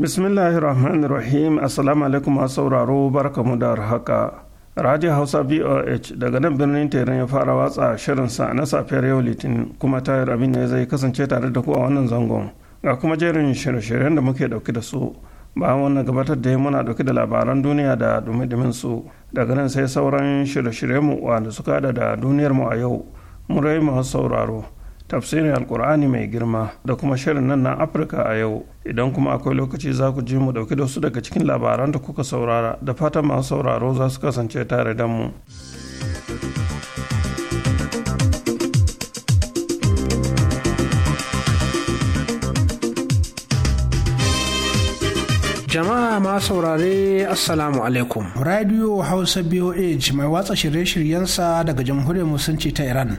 bismillahirrahmanirrahim assalamu alaikum masu sauraro mu da haka radio hausa BOH daga nan birnin teran ya fara watsa shirinsa na safiyar yau litinin kuma tayar abin ne zai kasance tare da ku a wannan zangon ga kuma jerin shirye-shiryen da muke dauke da su bayan wannan gabatar da muna dauke da labaran duniya da dumi su daga nan sai sauran shirye shiryen mu wanda suka da da duniyarmu a yau mu murai masu sauraro tafsirin alkur'ani mai girma da kuma shirin nan na afirka a yau idan kuma akwai lokaci za ku ji mu dauki da su daga cikin labaran da kuka saurara da fatan masu sauraro za su kasance tare da mu jama'a ma saurare assalamu alaikum radio hausa boh mai watsa shirye-shiryensa daga jamhuriyar musulunci ta iran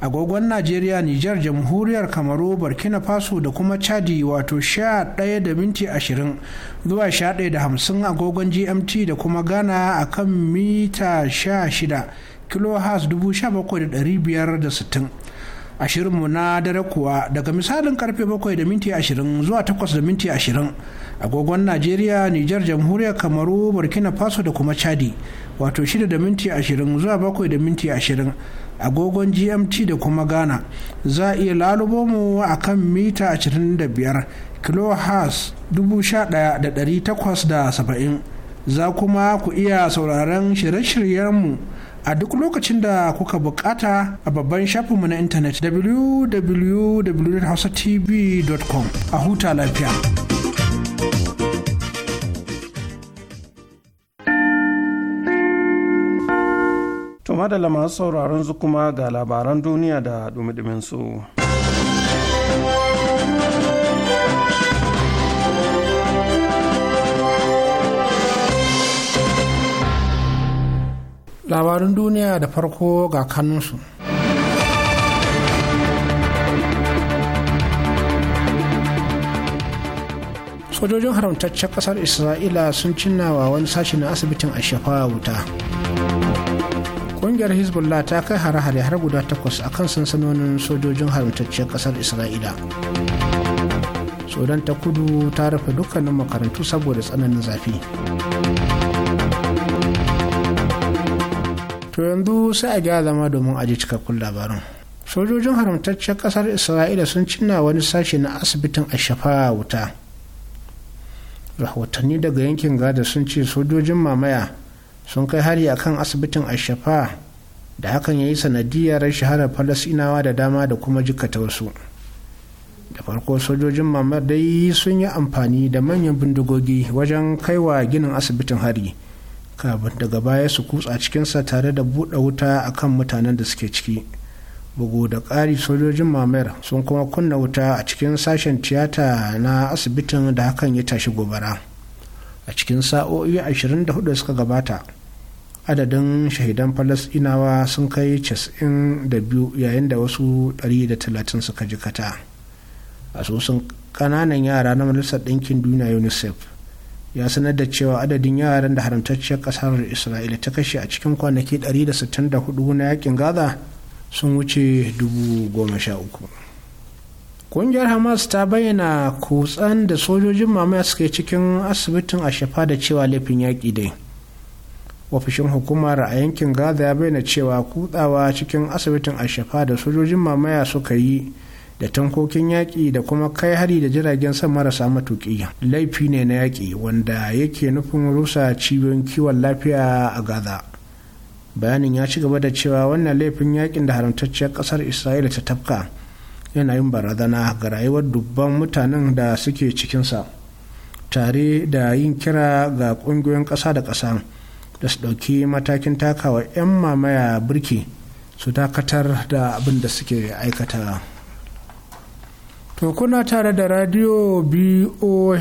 agogon najeriya niger jamhuriyar kamaru burkina faso da kuma chadi wato ɗaya da minti ashirin zuwa da hamsin agogon gmt da kuma ghana a kan mita shida dubu da sittin ashirinmu na dare kuwa daga misalin karfe bakwai da minti ashirin zuwa takwas da minti ashirin agogon najeriya niger jamhuriyar kamaru burkina faso da kuma chadi wato shida da minti 20 zuwa bakwai da minti 20 agogon gmt da kuma ghana za a iya lalubo mu a kan mita 25 kilohertz 11870 za kuma ku iya sauraron shirye-shiryenmu a duk lokacin da kuka bukata a babban shafinmu na intanet www.hausatv.com a huta lafiya. da masu sauraron zu kuma ga labaran duniya da dumi su. labarin duniya da farko ga kanunsu sojojin haramtaccen ƙasar isra'ila sun cinna wa wani sashi na asibitin a shafa wuta kungiyar hezbollah ta kai hare-hare har guda takwas a kan sansanonin sojojin haramtacciyar kasar isra'ila sudan ta kudu ta rufe dukkanin makarantu saboda tsananin zafi to yanzu sai a gyara zama domin aji cikakkun labarin sojojin haramtacciyar kasar isra'ila sun cinna wani sashi na asibitin shafa wuta rahotanni daga yankin gada sun ce sojojin mamaya sun kai hari akan asibitin ashafa da hakan ya yi sanadiyar shaharar falasinawa da dama da kuma jikata wasu da farko sojojin mamar dai sun yi amfani da manyan bindigogi wajen kaiwa ginin asibitin hari kafin daga baya su kutsa cikinsa tare da buɗe wuta akan mutanen da suke ciki bugu da ƙari sojojin mamayar sun kuma kunna wuta a cikin sashen tiyata na asibitin da hakan ya tashi gobara a cikin sa'o'i 24 suka gabata adadin shahidan falasɗinawa sun kai 92 yayin da wasu 130 suka jikata asusun kananan yara na majalisar ɗinkin duniya unicef ya sanar da cewa adadin yaran da haramtacciyar ƙasar isra'ila ta kashe a cikin kwanaki 164 na yakin gaza sun wuce 13,000 kungiyar hamas ta bayyana kutsan da sojojin mamaya suke cikin asibitin a shafa da cewa laifin yaƙi dai ofishin hukumar a yankin gaza ya bayyana cewa kutsawa cikin asibitin ashafa da sojojin mamaya suka yi da tankokin yaƙi da kuma kai hari da jiragen sama marasa matuƙi laifi ne na yaƙi wanda yake nufin rusa cibiyoyin kiwon lafiya a gaza bayanin ya ci gaba da cewa wannan laifin yaƙin da haramtacciyar ƙasar isra'ila ta tafka yana yin barazana ga rayuwar dubban mutanen da suke cikinsa tare da yin kira ga ƙungiyoyin ƙasa da ƙasa da su ɗauki matakin takawa 'yan mamaya birki su dakatar da abin da suke aikata to kuna tare da radio boh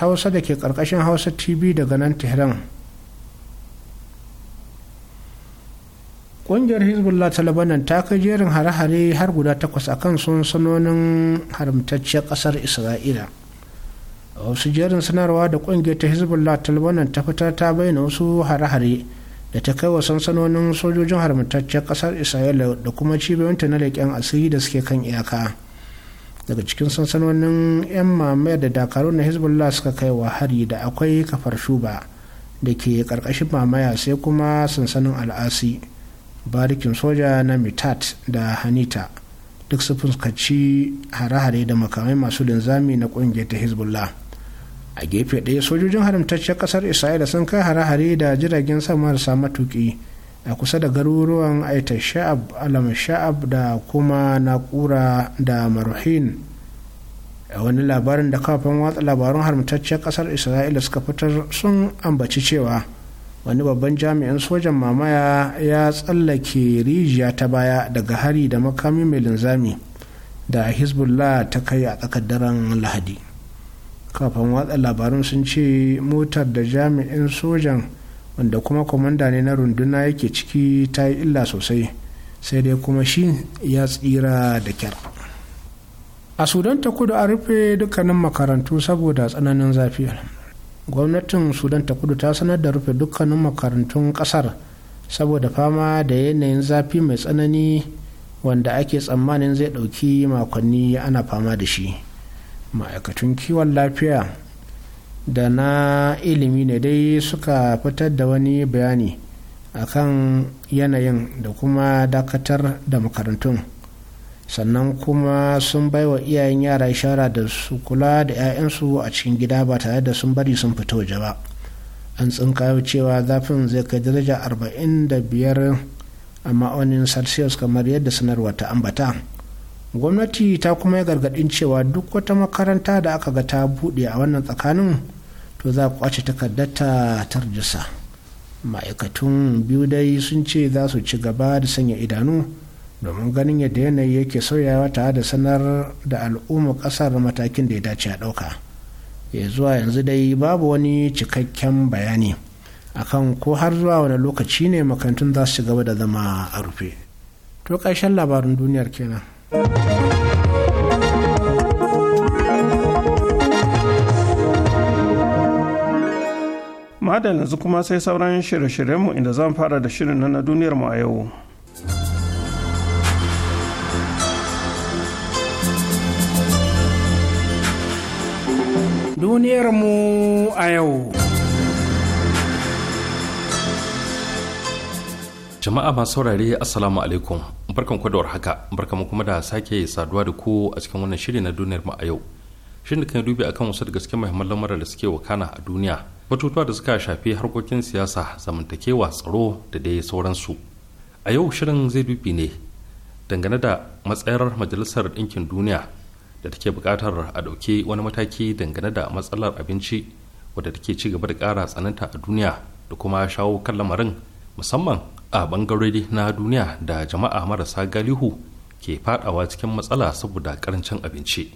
hausa da ke ƙarƙashin hausa tv daga nan tehran ƙungiyar hezbollah ta labanan ta kai jerin hare-hare har guda takwas akan sansanonin haramtacciyar ƙasar isra'ila wasu jerin sanarwa da kungiyar ta hezbollah ta lebanon ta fitar ta bayyana wasu hare-hare da ta kai wa sansanonin sojojin haramtaccen kasar isra'ila da kuma cibiyoyinta na leƙen asiri da suke kan iyaka daga cikin sansanonin 'yan mamayar da dakaru na hezbollah suka kai wa hari da akwai kafar shuba da ke karkashin mamaya sai kuma sansanin al'asi barikin soja na mitat da hanita duk su fuskaci hare-hare da makamai masu linzami na kungiyar ta hezbollah a gefe ɗaya sojojin haramtacciyar ƙasar isra'ila sun kai hare-hare da jiragen sama marasa matuƙi a kusa da garuruwan aita sha'ab alam sha'ab da kuma naƙura da maruhin a wani labarin da kafin watsa labarun haramtacciyar ƙasar isra'ila suka fitar sun ambaci cewa wani babban jami'in sojan mamaya ya tsallake rijiya ta baya daga hari da makami mai linzami da hezbollah ta kai a tsakar lahadi kafin watsa labarun sun ce motar da jami'in sojan wanda kuma kwamanda ne na runduna yake ciki ta yi illa sosai sai dai kuma shi ya tsira da kyar a sudan ta kudu a rufe dukkanin makarantu saboda tsananin zafi gwamnatin sudan ta kudu ta sanar da rufe dukkanin makarantun kasar saboda fama da yanayin zafi mai tsanani wanda ake tsammanin zai ɗauki makonni ana fama da shi ma'aikatun kiwon lafiya da na ilimi ne dai suka fitar da wani bayani akan yanayin da kuma dakatar da makarantun sannan kuma sun bai wa iyayen yara shara da su kula da 'ya'yansu a cikin gida ba tare da sun bari sun fito waje ba an tsinka cewa zafin zai kai daraja 45 a ma'aunin celsius kamar yadda sanarwa ta ambata gwamnati ta kuma ya gargadin cewa duk wata makaranta da aka ga ta buɗe a wannan tsakanin to za a kwace takardata ta rajista ma'aikatun biyu dai sun ce za su ci gaba da sanya idanu domin ganin yadda yanayi yake sauyawa tare da sanar da al'umma kasar matakin da ya dace a ɗauka ya zuwa yanzu dai babu wani cikakken bayani akan ko har zuwa wani lokaci ne makarantun za su gaba da zama a rufe to ƙarshen labarin duniyar kenan madalla yanzu kuma sai sauran shirye-shiryenmu inda zan fara da shirin na duniyar mu a yau duniyarmu a yau. Jama'a masu saurare Assalamu alaikum barkan da haka barkan kuma da sake saduwa da ku a cikin wannan shiri na duniyar mu a yau. Shirin da kan dubi akan wasu daga gaske muhimman lamura da suke wakana a duniya batutuwa da suka shafi harkokin siyasa zamantakewa tsaro da dai sauransu. A yau shirin zai dubi ne dangane da matsayar majalisar ɗinkin duniya da take buƙatar a ɗauke wani mataki dangane da matsalar abinci wadda take ci gaba da ƙara tsananta a duniya da kuma shawo kan lamarin musamman a bangarori na duniya da jama'a marasa galihu ke fadawa cikin matsala saboda karancin abinci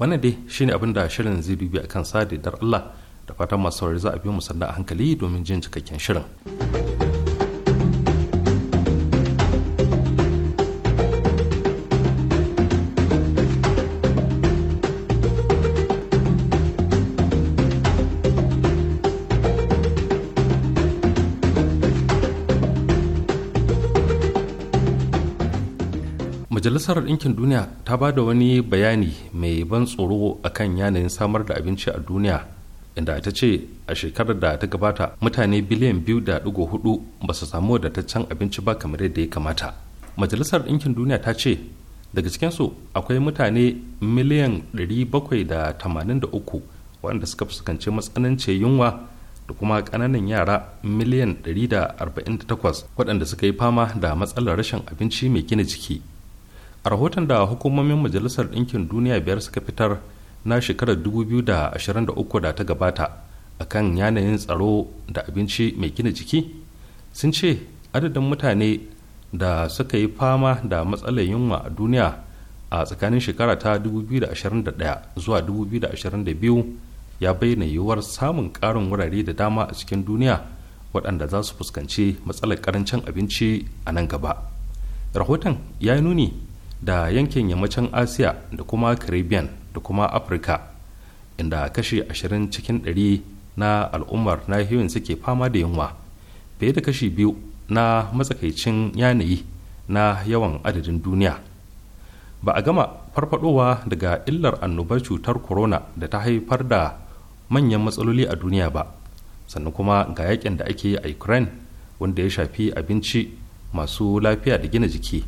wannan dai shine abin da shirin zai dubi a kan sa da Allah da fatan masu saurari za a bi mu sannan a hankali domin jin cikakken shirin. majalisar ɗinkin duniya ta ba da wani bayani mai ban tsoro akan yanayin samar da abinci a duniya inda ta ce a shekarar da ta gabata mutane biliyan biyu da ɗigo hudu ba su samu wadataccen abinci ba kamar yadda ya kamata majalisar ɗinkin duniya ta ce daga cikinsu akwai mutane miliyan da 783 waɗanda suka fuskanci matsananci yunwa da kuma ƙananan yara miliyan 148 waɗanda suka yi fama da matsalar rashin abinci mai gina jiki a rahoton da hukumomin majalisar ɗinkin duniya biyar suka fitar na shekarar 2023 da ta gabata a kan yanayin tsaro da abinci mai gina jiki sun ce adadin mutane da suka yi fama da matsalar yunwa a duniya a tsakanin shekara ta 2021 zuwa 2022 ya bayyana yiwuwar samun ƙarin wurare da dama a cikin duniya waɗanda za su fuskanci matsalar ƙarancin abinci a nan gaba rahoton ya nuni da yankin yammacin asiya da kuma caribbean da kuma afirka inda kashi ashirin cikin 100 na al'ummar nahiyoyin suke fama da yunwa fiye da kashi biyu na matsakaicin yanayi na yawan adadin duniya ba a gama farfadowa daga illar annobar cutar corona da ta haifar da manyan matsaloli a duniya ba sannan kuma ga yakin da ake yi a ukraine wanda ya shafi abinci masu lafiya da gina jiki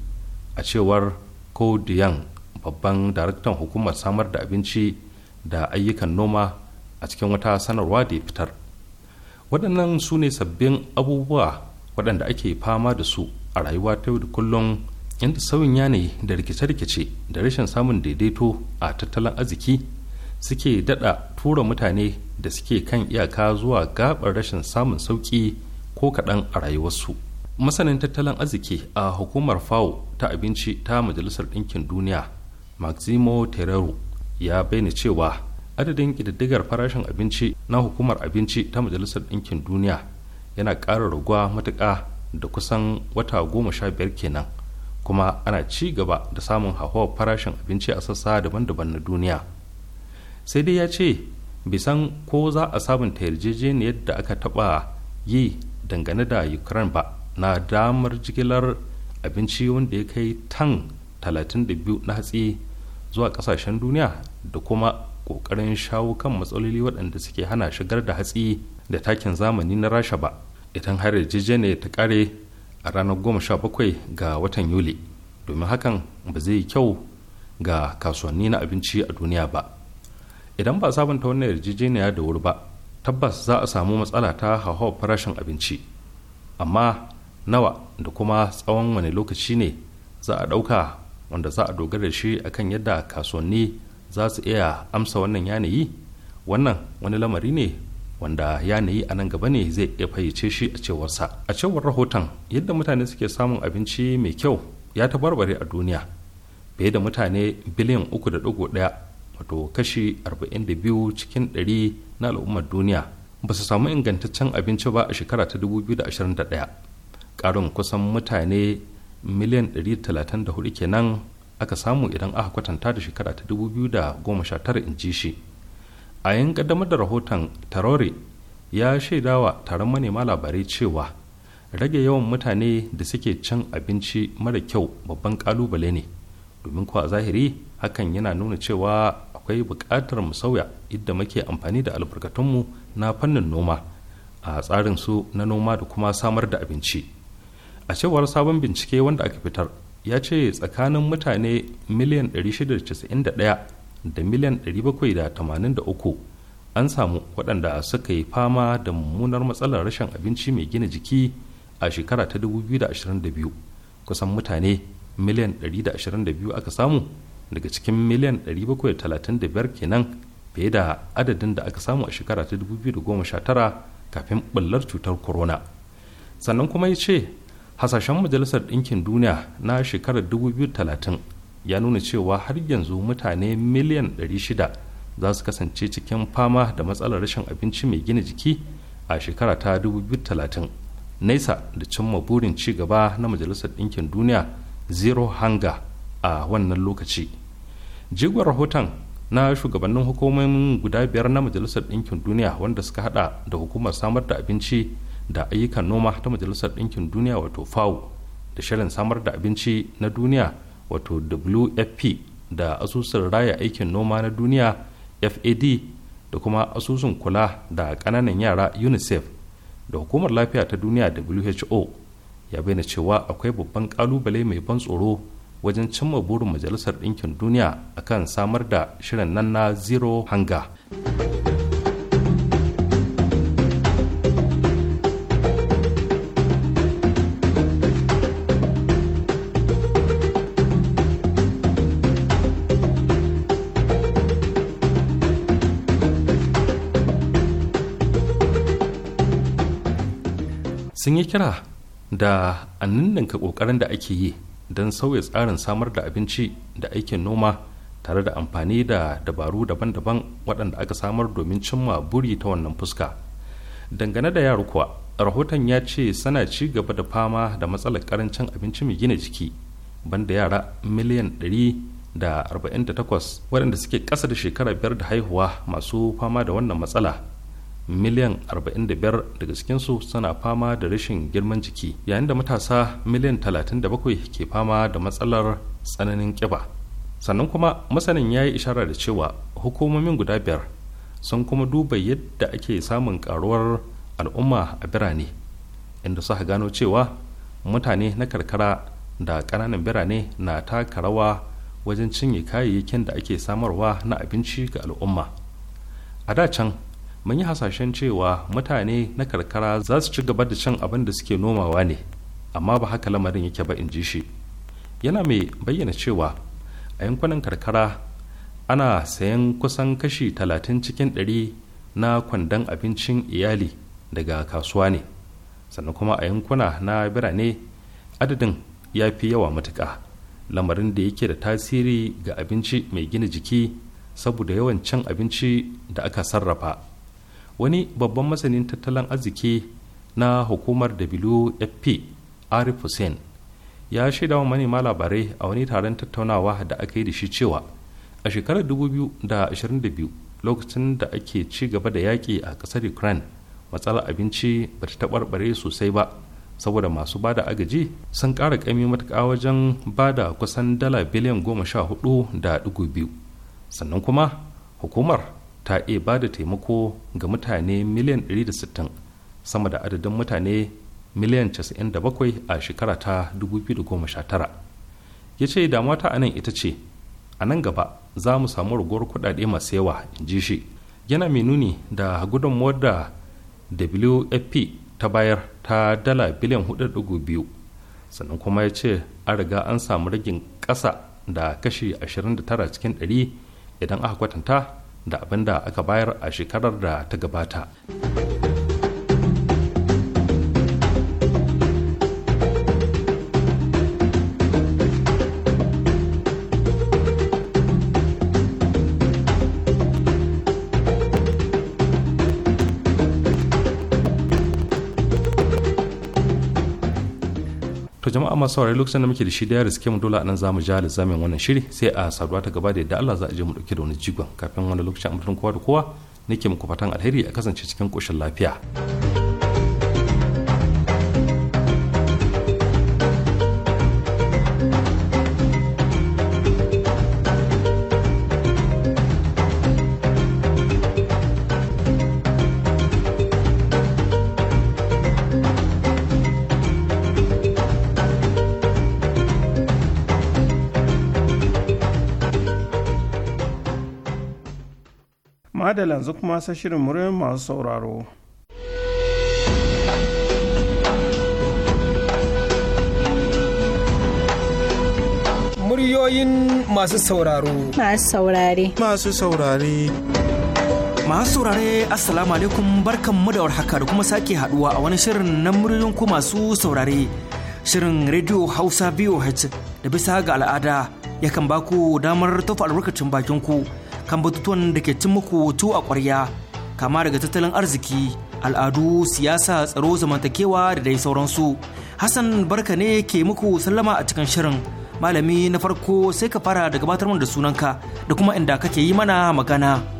a cewar ko diyan babban daraktan hukumar samar da abinci da ayyukan noma a cikin wata sanarwa da ya fitar waɗannan su ne sabbin abubuwa waɗanda ake fama da su a rayuwa ta yau da kullum inda sauyin yanayi da rikice-rikice da rashin samun daidaito a tattalin arziki suke daɗa tura mutane da suke kan iyaka zuwa gaɓar rashin samun sauƙi ko kaɗan a rayuwarsu. masanin tattalin arziki a hukumar fao ta abinci ta majalisar ɗinkin duniya maximo terero ya bayyana cewa adadin ƙididdigar farashin abinci na hukumar abinci ta majalisar ɗinkin duniya yana ƙara raguwa matuƙa da kusan wata goma sha biyar kenan kuma ana ci gaba da samun hauhawar farashin abinci a sassa daban-daban na duniya sai dai ya ce bai san ko za a sabunta yarjejeniyar da aka taɓa yi dangane da ukraine ba na damar jigilar abinci wanda ya kai tan 32 na hatsi zuwa kasashen duniya da kuma kokarin shawo kan matsaloli waɗanda suke hana shigar da hatsi da takin zamani na rasha ba idan har yarjejeniya ta kare a ranar 17 ga watan yuli domin hakan ba zai yi kyau ga kasuwanni na abinci a duniya ba idan ba sabunta wannan yarjejeniya da wuri ba tabbas za a samu matsala ta hauhawar farashin abinci amma nawa da kuma tsawon wani lokaci ne za a ɗauka wanda za a dogara da shi akan yadda kasuwanni za su iya amsa wannan yanayi wannan wani lamari ne wanda yanayi a nan gaba ne zai iya fayyace shi a cewarsa a cewar rahoton yadda mutane suke samun abinci mai kyau ya tabarbare a duniya fiye da mutane biliyan 3.1 wato kashi 42 cikin 100 na al'ummar duniya ba su samu ingantaccen abinci ba a shekara ta 2021 ƙarin kusan mutane miliyan 134 kenan aka samu idan aka kwatanta da shekara ta 2019 in ji shi a yin kaddamar da rahoton tarore ya shaidawa taron manema labarai cewa rage yawan mutane da suke cin abinci mara kyau babban kalubale ne domin kuwa zahiri hakan yana nuna cewa akwai buƙatar mu sauya idda muke amfani da albarkatunmu na fannin noma a tsarin su na noma da kuma samar da abinci. a cewar sabon bincike wanda aka fitar ya ce tsakanin mutane miliyan 691 da miliyan 783 an samu waɗanda suka yi fama da mummunar matsalar rashin abinci mai gina jiki a shekara ta 2022 kusan mutane miliyan 122 aka samu daga cikin miliyan 735 kenan fiye da adadin da aka samu a shekara ta 2019 kafin bullar cutar corona sannan kuma ya ce hasashen majalisar ɗinkin duniya na shekarar 2030 ya nuna cewa har yanzu mutane miliyan 600 za su kasance cikin fama da matsalar rashin abinci mai gina jiki a shekara ta 2030 nesa da cimma burin ci gaba na majalisar ɗinkin duniya zero hanga a wannan lokaci jigon rahoton na shugabannin hukumomin guda biyar na majalisar ɗinkin duniya wanda suka hada da hukumar samar da abinci da ayyukan noma ta majalisar ɗinkin duniya wato fao da shirin samar da abinci na duniya wato wfp da asusun raya aikin noma na duniya fad da kuma asusun kula da ƙananan yara unicef da hukumar lafiya ta duniya who ya bayyana cewa akwai babban kalubale mai ban tsoro wajen cimma burin majalisar ɗinkin duniya akan samar da shirin nan na zero hunger sun yi kira da annin ka kokarin da ake yi don sauya tsarin samar da abinci da aikin noma tare da amfani da dabaru daban-daban waɗanda aka samar domin cimma buri ta wannan fuska dangane da yaro kuwa rahoton ya ce sana ci gaba da fama da matsalar karancin abinci mai gina jiki banda yara miliyan 148 waɗanda suke ƙasa da shekara biyar da haihuwa masu fama da wannan matsala miliyan 45 daga cikinsu suna fama da rashin girman jiki yayin da matasa miliyan 37 ke fama da matsalar tsananin ƙiba sannan kuma masanin ya yi ishara da cewa hukumomin guda biyar sun kuma duba yadda ake samun karuwar al'umma a birane inda suka gano cewa mutane na karkara da ƙananan birane na taka rawa wajen cinye kayayyakin da ake samarwa na abinci ga al'umma a da can mun yi hasashen cewa mutane na karkara za su ci gaba da cin abin da suke nomawa ne amma ba haka lamarin yake ba in ji shi yana mai bayyana cewa a yankunan karkara ana sayan kusan kashi talatin cikin ɗari na kwandon abincin iyali daga kasuwa ne sannan kuma a yankuna na birane adadin ya fi yawa matuka lamarin da yake da tasiri ga abinci mai gina jiki saboda yawan cin abinci da aka sarrafa wani babban masanin tattalin arziki na hukumar wfp arif hussein ya shaida wa manema labarai a wani taron tattaunawa da aka yi da shi cewa a shekarar 2022 lokacin da ake ci gaba da yaƙi a ƙasar ukraine matsalar abinci ba ta taɓarɓare sosai ba saboda masu bada agaji sun ƙara ƙami matuƙa wajen bada kusan dala biliyan goma sha hudu da ɗigo biyu sannan kuma hukumar ta iya ba da taimako ga mutane miliyan 160 sama da adadin mutane miliyan 97 a shekara ta 2019 ya ce damuwa ta anan ita ce a nan gaba za mu samu raguwar kudade masu yawa in ji shi yana mai nuni da gudunmuwar da wfp ta bayar ta dala biliyan 4.2 sannan kuma ya ce an riga an samu ragin ƙasa da kashi 29 cikin 100 idan aka kwatanta da abin da aka bayar a shekarar da ta gabata. to jama'a masu saurari lokacin da muke da shi da yaris mu dole nan zamu mu da zamin wannan shiri sai a saduwa ta gaba da yadda Allah za a je mu dauke da wani jigon kafin wani lokacin amfanin kowa da kowa nake muku fatan alheri a kasance cikin koshin lafiya. da yanzu kuma sa shirin muryoyin masu sauraro. Muryoyin masu sauraro. Masu saurare. Masu saurare. Masu saurare Assalamu alaikum barkanmu da warhaka da kuma sake haduwa a wani shirin na muryoyin ku masu saurare. Shirin Radio Hausa VOH da bisa ga al'ada yakan baku damar tofa albarkacin bakin ku. kan batutuwan da ke cin muku tu a ƙwarya kama daga tattalin arziki al'adu siyasa tsaro zamantakewa da dai sauransu hassan barka ne ke muku sallama a cikin shirin malami na farko sai ka fara da gabatar da sunanka da kuma inda kake yi mana magana.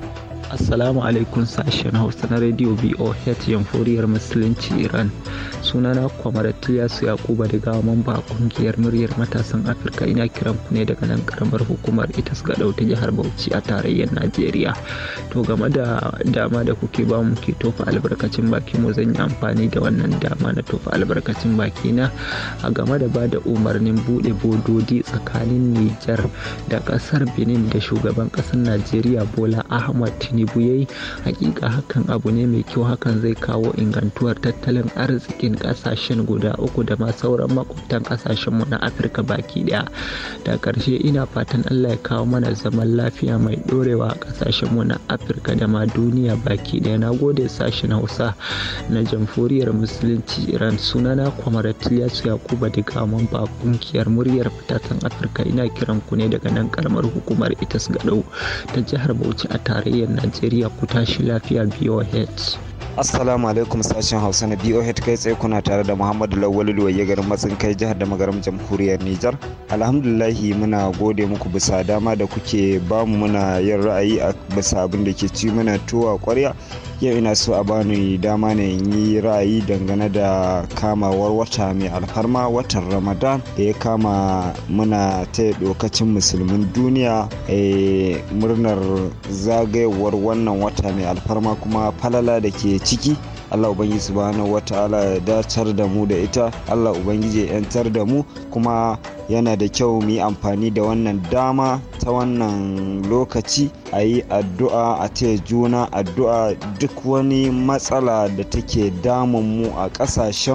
Assalamu alaikum sashen Hausa na Radio BOH Yamforiyar Musulunci Iran. Sunana Kwamar su Yakuba daga mamba ƙungiyar muryar matasan Afirka ina kiran ku ne daga nan karamar hukumar su ga ta jihar Bauchi a tarayyar Najeriya. To game da dama da kuke ba mu ke tofa albarkacin baki mu zan yi amfani da wannan dama na tofa albarkacin baki na a game da ba da umarnin buɗe bododi tsakanin Nijar da ƙasar Benin da shugaban ƙasar Najeriya Bola Ahmad Tinubu tinubu ya yi hakika hakan abu ne mai kyau hakan zai kawo ingantuwar tattalin arzikin kasashen guda uku da ma sauran makwabtan mu na afirka baki daya da karshe ina fatan allah ya kawo mana zaman lafiya mai dorewa a mu na afirka da ma duniya baki daya na gode sashen hausa na jamhuriyar musulunci iran sunana kwamaratiliya su yakuba daga gamon ba kungiyar muryar fitatan afirka ina kiran ku ne daga nan karamar hukumar itas Gado ta jihar bauchi a tarayyar najeriya Najeriya ku tashi lafiya BOH. Assalamu alaikum sashen Hausa na BOH kai tsaye kuna tare da Muhammadu Lawal Luwaye garin matsin kai jihar da magaram jamhuriyar Nijar. Alhamdulillahi muna gode muku bisa dama da kuke bamu muna yin ra'ayi a bisa abin da ke ci muna tuwa kwarya yau ina so a bani dama ne in yi ra'ayi dangane da kamawar wata mai alfarma watan ramadan da ya kama muna ta dokacin musulmin duniya eh, murnar zagayowar wannan wata mai alfarma kuma falala da ke ciki Allah ubangiji subhanahu ta'ala ya dacar da mu da ita Allah ubangiji ya yantar da mu kuma yana da kyau mu yi amfani da wannan dama ta wannan lokaci a yi addu'a a taya juna addu'a duk wani matsala da take damun mu a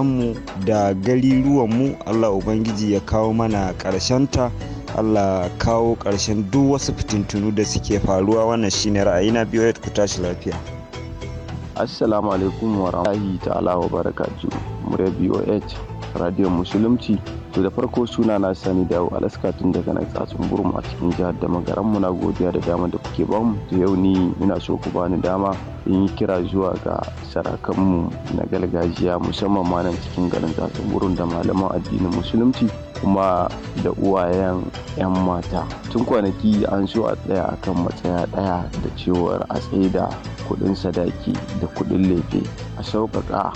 mu da mu Allah ubangiji ya kawo mana ƙarshenta Allah kawo ƙarshen duk wasu fitintunu da suke faruwa wannan shine ra'ayi na biyu ku tashi lafiya. Assalamu alaikum wa rahmatullahi ta'ala wa barakatu. Murya BOH Radio Musulunci. To da farko suna na sani da alaska tun daga na tsatsun burum a cikin jihar da magaran mu na godiya da dama da kuke bamu. To yau ni ina so ku bani dama in yi kira zuwa ga sarakanmu na gargajiya musamman ma nan cikin garin tsatsun burum da malaman addinin musulunci kuma da uwayen 'yan mata. Tun kwanaki an so a tsaya akan matsaya ɗaya da cewar a tsaida kuɗin sadaki da kuɗin lefe a sauƙaƙa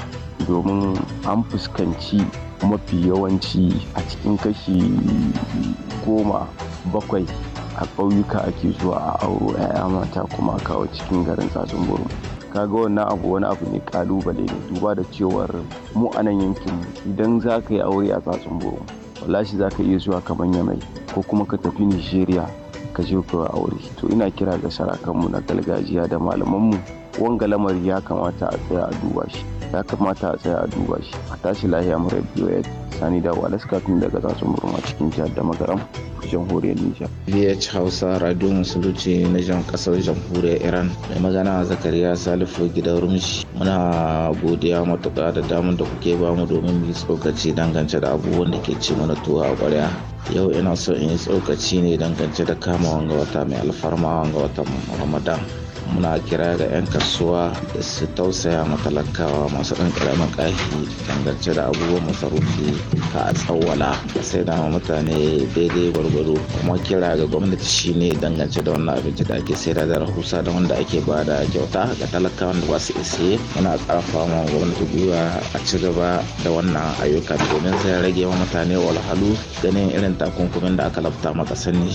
domin an fuskanci mafi yawanci a cikin kashi goma bakwai a ƙauyuka ake zuwa a auro 'ya'ya mata kuma kawo cikin garin tsatsun ka kaga wannan abu wani abu ne kalubale ne duba da cewar mu a nan yankin idan za ka yi aure a tsatsun buru wallashi za ka iya zuwa kamar yamai ko kuma ka tafi nigeria aka je a aure to ina kira ga sarakanmu na gargajiya da malamanmu wanga lamari ya kamata a tsaya a duba shi ya kamata a tsaya a duba shi a tashi lahiya mara biyu ya sani da walas tun daga tsatsun murma cikin jihar da magaram jamhuriyar nijar vh hausa radio musulunci na jan kasar jamhuriyar iran mai magana a zakariya salifu gidan rumshi muna godiya matuƙa da damar da kuke bamu domin mu yi tsokaci dangance da abubuwan da ke ci mana tuwa a ƙwarya yau ina so in yi tsokaci ne dangance da kama wanga wata mai alfarma wanga wata ramadan muna kira ga 'yan kasuwa da su tausaya ma matalakawa masu ɗan ƙaramin ƙarfi dangance da abubuwan masarufi ka a tsawwala a sai da mutane daidai gwargwaro kuma kira ga gwamnati shine dangance da wannan abinci da ake sai da Husa da wanda ake ba da kyauta ga talakawan da ba su isa muna ƙarfa ma gwamnati gwiwa a ci gaba da wannan ayyuka domin sai rage wa mutane walhalu ganin irin takunkumin da aka lafta ma sanin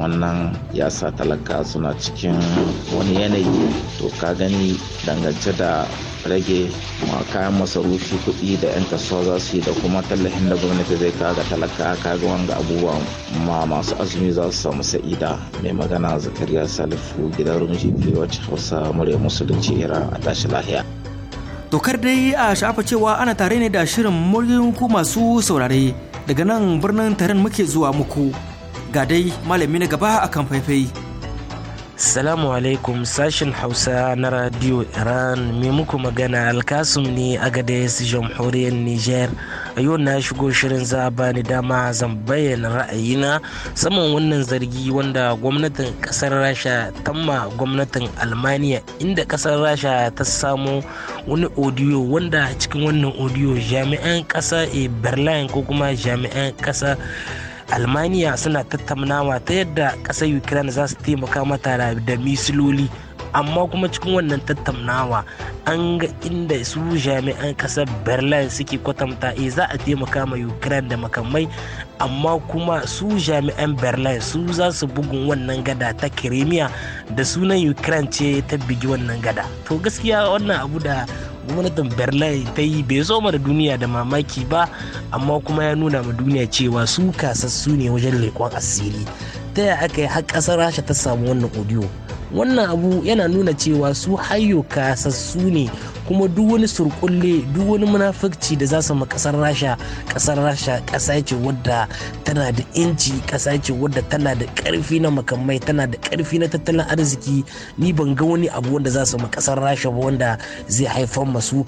wannan ya sa talaka suna cikin wani yanayi yanayi to ka gani dangance da rage ma kayan masarufi kuɗi da 'yan kasuwa za su yi da kuma tallafin da gwamnati zai kaga talaka ka ga wanga abubuwa ma masu azumi za su samu sa'ida mai magana zakariya salifu gidan rumji biyu wacce hausa murya musulunci ira a tashi lahiya tokar dai a sha'afa cewa ana tare ne da shirin muryin ku masu saurare daga nan birnin tarin muke zuwa muku ga dai malami na gaba akan faifai Salamu alaikum sashen Hausa na Radio Iran mai muku magana alkasum ne a su jamhuriyar Nijar. A yau na shigo shirin za a bani dama zan bayyana ra'ayina saman wannan zargi wanda gwamnatin kasar Rasha tamma gwamnatin Almaniya inda kasar Rasha ta samo wani odiyo wanda cikin wannan odiyo jami'an kasa e eh, Berlin ko kuma jami'an kasa almaniya suna tattaunawa ta yadda ƙasar ukraine za su taimaka mata da misiloli amma kuma cikin wannan tattaunawa an ga inda su jami'an kasar berlin suke kwatanta e za a taimaka ma ukraine da makamai amma kuma su jami'an berlin su za su bugun wannan gada ta kirimiya da sunan ukraine ce ta bigi wannan gada to gaskiya wannan abu da gwamnatin berlin ta yi bai zo da duniya da mamaki ba amma kuma ya nuna ma duniya cewa su kasassu ne wajen leƙon asiri ta yaya aka yi har ƙasar rasha ta samu wannan odiyo wannan abu yana nuna cewa su hayyuka sassu ne kuma duk wani surkulle duk wani munafurci da za su ma kasar rasha kasar rasha kasa ce wadda tana da inci kasa ce wadda tana da karfi na makamai tana da karfi na tattalin arziki ni ban ga wani abu wanda za su ma kasar rasha ba wanda zai haifar masu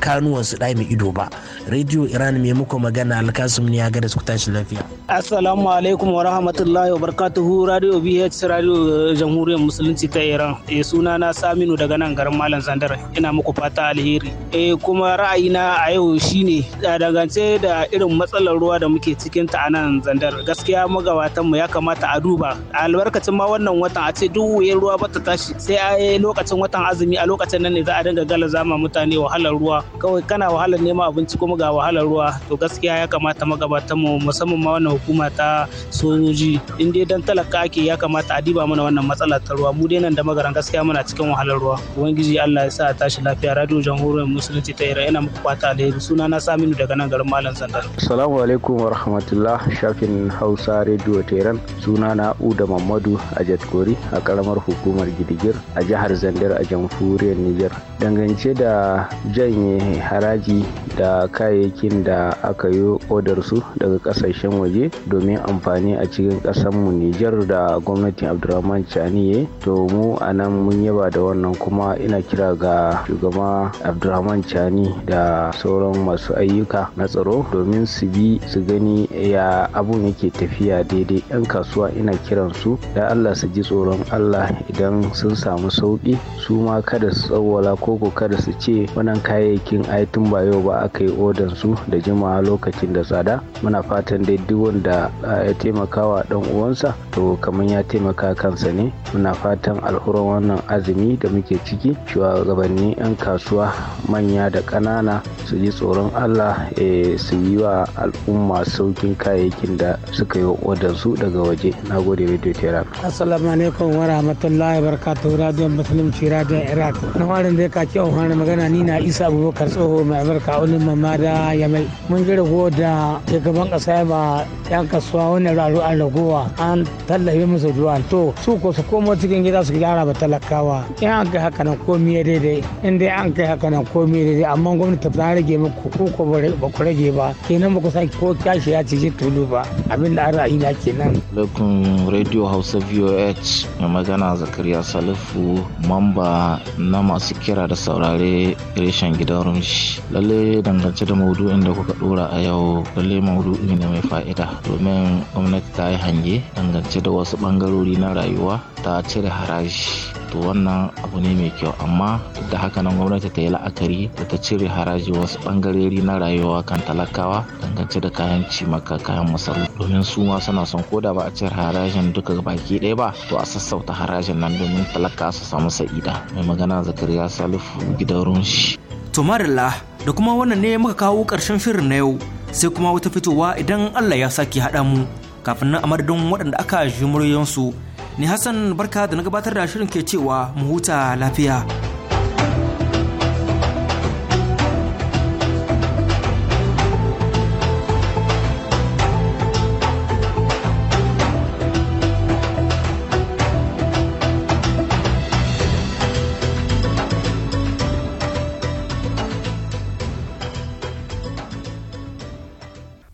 kanuwan su mai ido ba radio iran mai muku magana alkasum ne ya ga da su tashi lafiya assalamu alaikum wa rahmatullahi wa barakatuhu radio bh radio jamhuriyar musulunci zumunci ta iran e eh, suna na saminu daga nan garin malam zandar ina muku fata alheri e kuma ra'ayina a yau shine da dangance da irin matsalar ruwa da muke cikin ta a nan zandar gaskiya magabatan mu ya kamata a duba albarkacin ma wannan watan a ce duk wuyar ruwa bata tashi sai a eh, lokacin watan azumi a lokacin nan ne za a dinga gala zama mutane wahalar ruwa kawai kana wahalar neman abinci kuma ga wahalar ruwa to gaskiya ya kamata magabatan mu musamman ma wannan hukuma ta sojoji in dai dan talaka ake ya kamata a diba mana wannan matsalar ta ruwa mu dai nan da magaran gaskiya muna cikin wahalar ruwa ubangiji Allah ya sa a tashi lafiya radio jamhuriyar musulunci ta ira ina muku fata alheri suna na Saminu daga nan garin Malam zandar. assalamu alaikum wa rahmatullah shafin Hausa radio ta Iran suna na Uda Mamadu a Jatkori a karamar hukumar Gidigir a jihar Zandar a jamhuriyar Niger dangance da janye haraji da kayayyakin da aka yi odar su daga kasashen waje domin amfani a cikin mu Niger da gwamnatin Abdulrahman Chaniye to mu a nan mun yaba da wannan kuma ina kira ga shugaba abdulrahman chani da sauran masu ayyuka na tsaro domin su bi su gani ya abun yake tafiya daidai yan kasuwa ina kiran su da allah su ji tsoron allah idan sun samu sauki su ma kada su tsawwala ko kada su ce wannan kayayyakin ai tun ba yau ba aka yi odan su da jimawa lokacin da tsada muna fatan dai duk wanda ya taimakawa wa dan uwansa to kamar ya taimaka kansa ne muna fatan fatan alhurar wannan azumi da muke ciki shugabanni 'yan kasuwa manya da ƙanana su ji tsoron allah eh, su yi wa al'umma saukin kayayyakin da suka yi wadansu daga waje na gode radio tehran assalamu alaikum wa rahmatullahi barakatuh radio musulunci radio iraq na warin da ka ce ohana magana ni na isa abubakar tsoho mai amurka ulin da yamai mun ji rago da shugaban kasa ba yan kasuwa wani raro an ragowa an tallafe musu juwan to su ko su komo cikin hanyoyi za su gyara ba talakawa in an kai haka nan komi ya daidai in dai an kai haka nan komi ya daidai amma gwamnati ta rage muku ko ko ba ku rage ba kenan ba ku sa ko kyashi ya cije tulu ba abin da ra'ayi na kenan. Alaikum Radio Hausa VOH mai magana Zakariya Salifu mamba na masu kira da saurare reshen gidan rumshi. Lalle dangance da maudu'in da kuka dora a yau lalle maudu'i ne mai fa'ida domin gwamnati ta yi hange dangance da wasu bangarori na rayuwa ta cire haraji to wannan abu ne mai kyau amma da haka nan gwamnati ta yi la'akari da ta cire haraji wasu bangarori na rayuwa kan talakawa dangance da kayan ci maka kayan masarufi domin su ma suna son ko da ba a cire harajin duka baki ɗaya ba to a sassauta harajin nan domin talaka su samu sa'ida mai magana zakariya salifu gidan runshi. to marilla da kuma wannan ne muka kawo ƙarshen shirin na yau sai kuma wata fitowa idan allah ya sake haɗa mu kafin nan a madadin waɗanda aka ji muryoyinsu Ni Hassan barka da na gabatar da shirin ke cewa muhuta huta lafiya.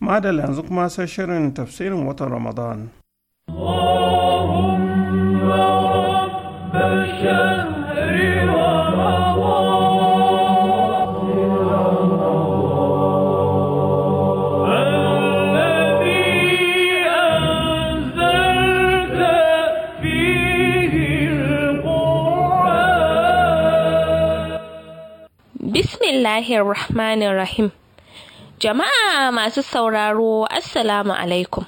madalla yanzu kuma sai shirin tafsirin watan ramadan oh, oh, رب الشهر ورمضان الذي أنزلت فيه القرآن بسم الله الرحمن الرحيم Jama'a masu sauraro, Assalamu alaikum.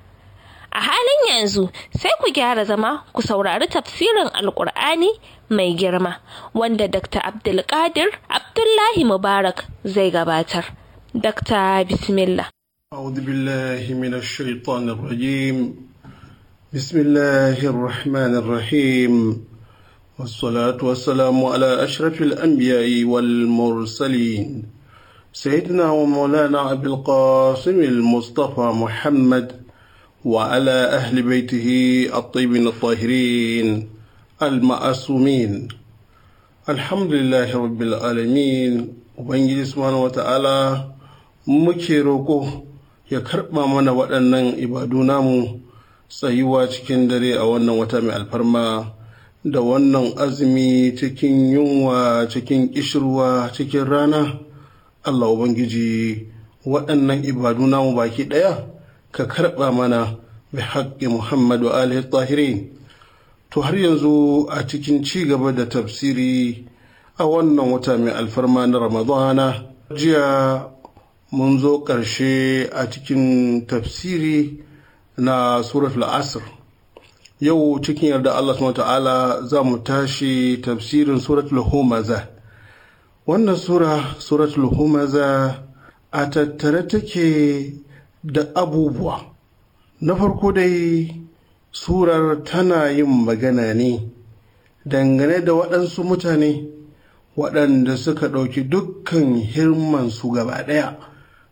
A halin yanzu sai ku gyara zama ku saurari tafsirin Alƙur'ani mai girma wanda Dr. Abdulkadir Abdullahi Mubarak zai gabatar. Dr. Bismillah. أعوذ بالله من الشيطان الرجيم بسم الله الرحمن الرحيم والصلاة والسلام على أشرف الأنبياء والمرسلين سيدنا ومولانا أبي القاسم المصطفى محمد وعلى أهل بيته الطيبين الطاهرين المعصومين الحمد لله رب العالمين Ubangiji subhanahu wata'ala muke roƙo ya karɓa mana waɗannan ibadu namu tsayuwa cikin dare a wannan wata mai alfarma da wannan azumi cikin yunwa cikin ƙishirwa cikin rana Allah Ubangiji waɗannan ibadu namu baki ɗaya ka karɓa mana bi haƙƙi Muhammadu alihi tahirin to har yanzu a cikin ci gaba da tafsiri a wannan wata mai alfarma na ramadana jiya mun zo ƙarshe a cikin tafsiri na surat asr yau cikin yarda Allah subhanahu ta'ala za mu tashi tafsirin surat al-humaza wannan sura surat al-humaza a tattare take da abubuwa na farko dai surar tana yin magana ne dangane da waɗansu mutane waɗanda suka ɗauki dukkan hirmansu gaba ɗaya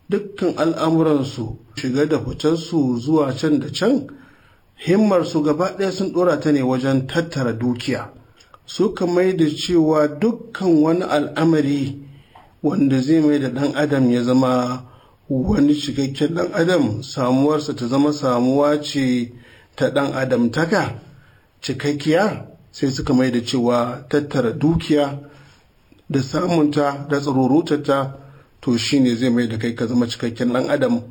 dukkan al'amuransu shiga da fitarsu zuwa can da can himmarsu gaba ɗaya sun ɗora ta ne wajen tattara dukiya suka mai da cewa dukkan wani al'amari wanda zai mai da ɗan adam ya zama wani cikakken ɗan adam samuwarsa ta zama samuwa ce ta ɗan taka cikakkiya sai suka mai da cewa tattara dukiya da samunta da tsarurutarta to shine zai mai da kai ka zama cikakken ɗan adam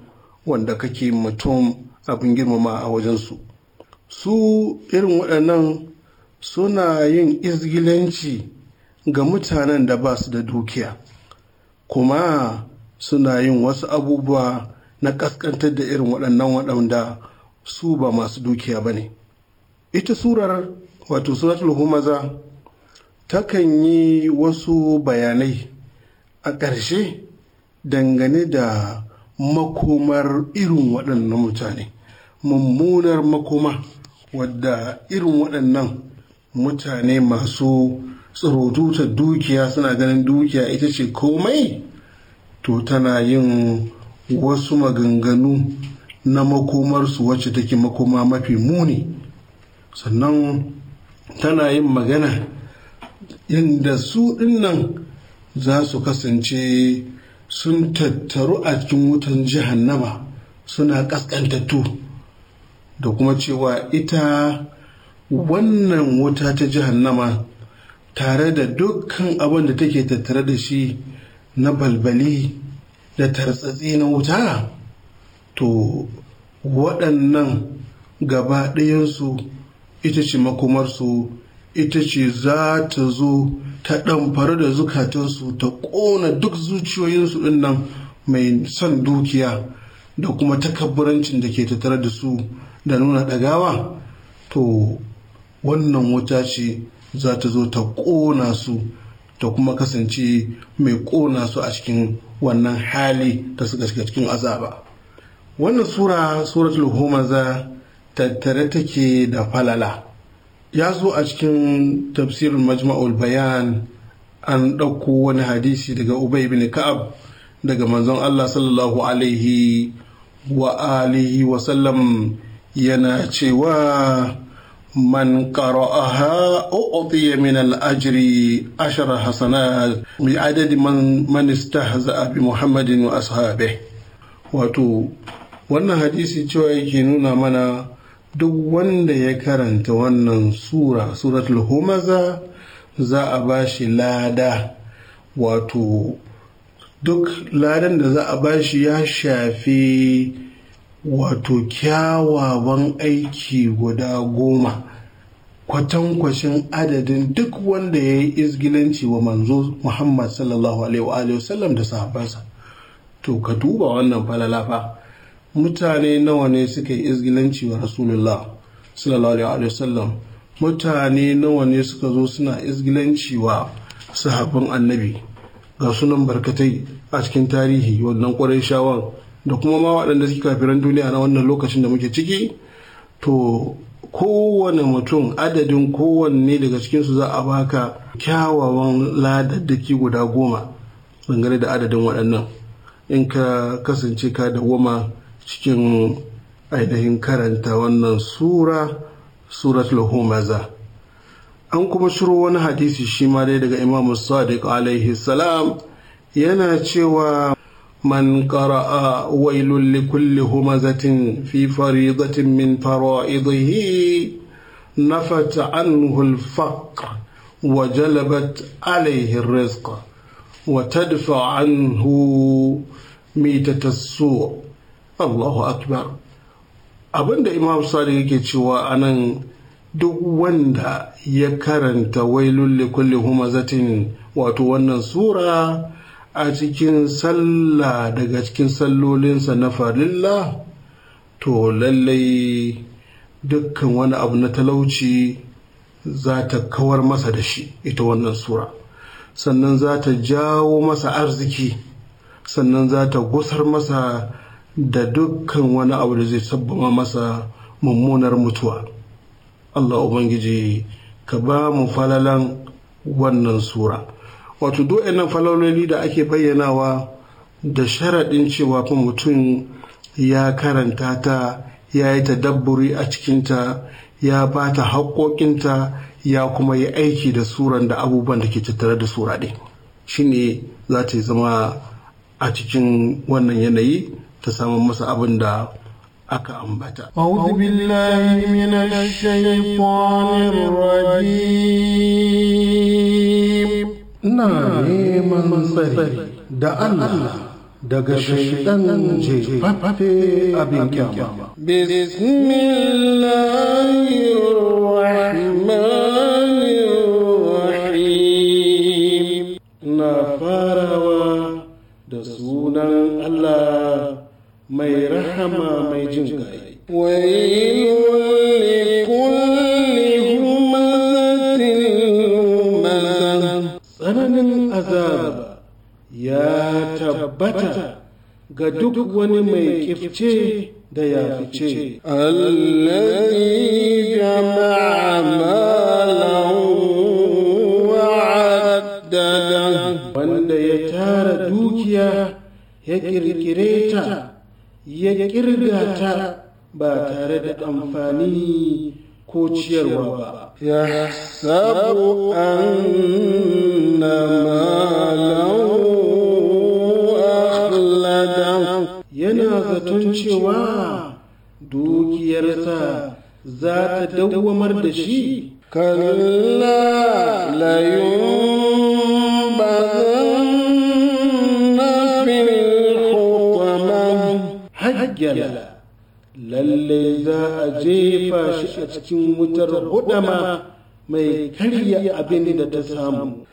wanda kake mutum abin girmama a wajensu su irin waɗannan suna yin izgilanci ga mutanen da ba su da dukiya kuma suna yin wasu abubuwa na kaskantar da irin waɗannan waɗanda su ba masu dukiya ba ne ita surar wato suratul humaza takan yi wasu bayanai a ƙarshe dangane da makomar irin waɗannan mutane mummunar makoma wadda irin waɗannan mutane masu tsurututar dukiya suna ganin dukiya ita ce komai to tana yin wasu maganganu na makomarsu wacce take makoma mafi muni sannan tana yin magana inda su dinnan za su kasance sun tattaru a cikin wutan jahannama suna kaskantattu da kuma cewa ita wannan wuta ta jihannama tare da dukkan abin da take tattare da shi na balbali da tartsatsi na wuta to waɗannan gaba ɗayansu ita ce makomarsu ita ce za ta zo ta ɗamfara da zukatansu ta ƙona duk zuciyoyinsu ɗin nan mai son dukiya da kuma takabburancin da ke tattare da su da nuna ɗagawa to wannan wuta ce za ta zo ta ƙona su ta kuma kasance mai ƙona su a cikin wannan hali da suka shiga cikin azaba wannan sura suratul humaza tattare take da falala ya zo a cikin tafsirin majma'ul bayan an ɗauko wani hadisi daga ubay bin ka'ab daga manzon allah sallallahu alaihi wa alihi wa yana cewa من قرأها أعطي من الأجر عشر حسنات بعدد من من استهزأ بمحمد وأصحابه wato wannan hadisi cewa yake nuna mana duk wanda ya karanta wannan sura suratul humaza za a bashi lada wato duk ladan da za a bashi ya shafi wato kyawawan aiki guda goma kwatankwashin adadin duk wanda ya yi izgilanci wa manzo muhammad sallallahu alaihi wasallam da sahabansa, to ka duba wannan falalafa mutane nawa ne suka yi izgilanci wa rasulullah sallallahu alaihi wasallam mutane nawa ne suka zo suna izgilanci wa sahabin annabi ga sunan barkatai a cikin tarihi wannan ƙwarai shawar. da kuma ma waɗanda suke kafiran duniya na wannan lokacin da muke ciki to kowane mutum adadin kowanne daga cikinsu za a baka kyawawan ladaddaki guda goma dangane da adadin waɗannan in ka kasance ka goma cikin ainihin karanta wannan sura surat maza an kuma shiro wani hadisi shi ma dai daga imamu sadiq alaihi salam yana cewa من قرأ ويل لكل همزة في فريضة من فرائضه نفت عنه الفقر وجلبت عليه الرزق وتدفع عنه ميتة السوء الله أكبر abin da imam sadiq yake cewa anan duk wanda ya karanta wailul li kulli humazatin wato wannan sura a cikin sallah daga cikin sallolinsa na farilla to lallai dukkan wani abu na talauci za ta kawar masa da shi ita wannan sura sannan za ta jawo masa arziki sannan za ta gusar masa da dukkan wani abu da zai sabbama masa mummunar mutuwa Allah Ubangiji ka ba mu falalan wannan sura wato nan falololi da ake bayyanawa da sharaɗin cewa fa mutum ya karanta ta ya yi dabburi a cikinta ya ba ta haƙoƙinta ya kuma yi aiki da suran da abubuwan da ke tattare da sura ɗin shine za ta zama a cikin wannan yanayi ta samu masa abin da aka ambata. ina neman tsari da Allah daga shaidan jefaffe abin kyama. Bismillahirrahmanirrahim na farawa da sunan Allah mai rahama mai jin ƙai. azaba ya tabbata ga duk wani mai kifce da ya fice. Allahi wanda ya tara dukiya ya kirkire ta ya ƙirga ta ba tare da amfani ko ciyarwa ba. Ya sabu an yana zaton cewa dukiyarsa za ta dawwamar da shi kalla layun bazanna za a jefa shi a cikin wutar hudama mai karya abin da ta samu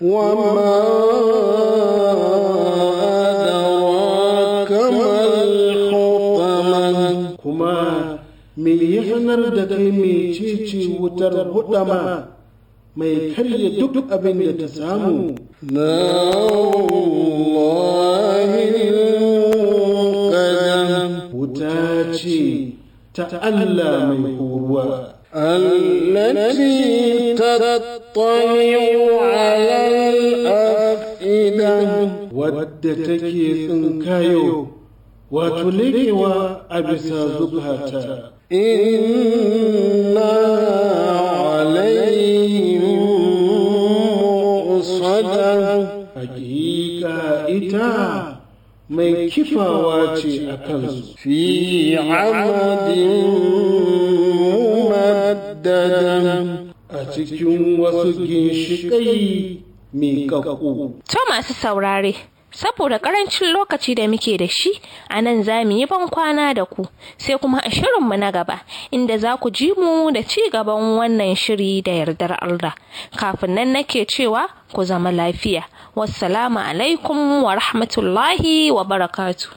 kuma me da kai mai cece wutar hudama mai karya duk abin da ta samu na wuta ce ta Allah mai horuwa. التي تطلع على الأفئدة ودد تكي سنكايو وتلقوا أبسا زبهتا إنا عليهم مؤصدا حقيقة إتا من kifawa ce a kansu. Fi amadin cikin wasu mai miƙaƙƙu. To masu saurare, saboda ƙarancin lokaci da muke da shi, a nan za mu yi bankwana da ku, sai kuma a shirinmu na gaba, inda za ku ji mu da ci gaban wannan shiri da yardar Allah. Kafin nan nake cewa ku zama lafiya. Wassalamu alaikum wa rahmatullahi wa barakatu.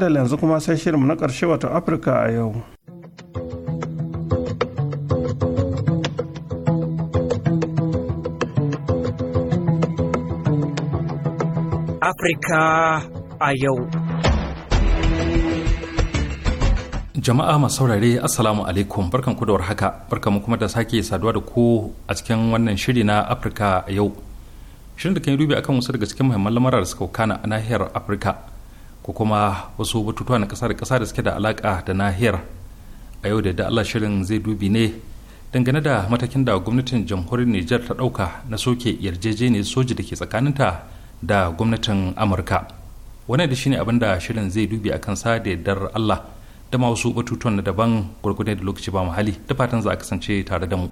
madalla yanzu kuma sai shirinmu na ƙarshe wato afirka a yau Afirka a yau. Jama'a masu saurare Assalamu alaikum barkan ku da warhaka barkan kuma da sake saduwa da ku a cikin wannan shiri na Afirka a yau. Shirin da kan yi dubi akan wasu daga cikin muhimman lamarar da suka kana a nahiyar Afirka ko kuma wasu batutuwa na ƙasa da ƙasa da suke da alaka da nahiyar a yau da Allah shirin zai dubi ne dangane da matakin da gwamnatin jamhuriyar Nijar ta ɗauka na soke yarjejeniyar soji da ke tsakaninta da gwamnatin Amurka. Wannan da shine abin da shirin zai dubi a sa da yardar Allah da ma wasu batutuwan na daban gwargwadon da lokaci ba mahali da fatan za a kasance tare da mu.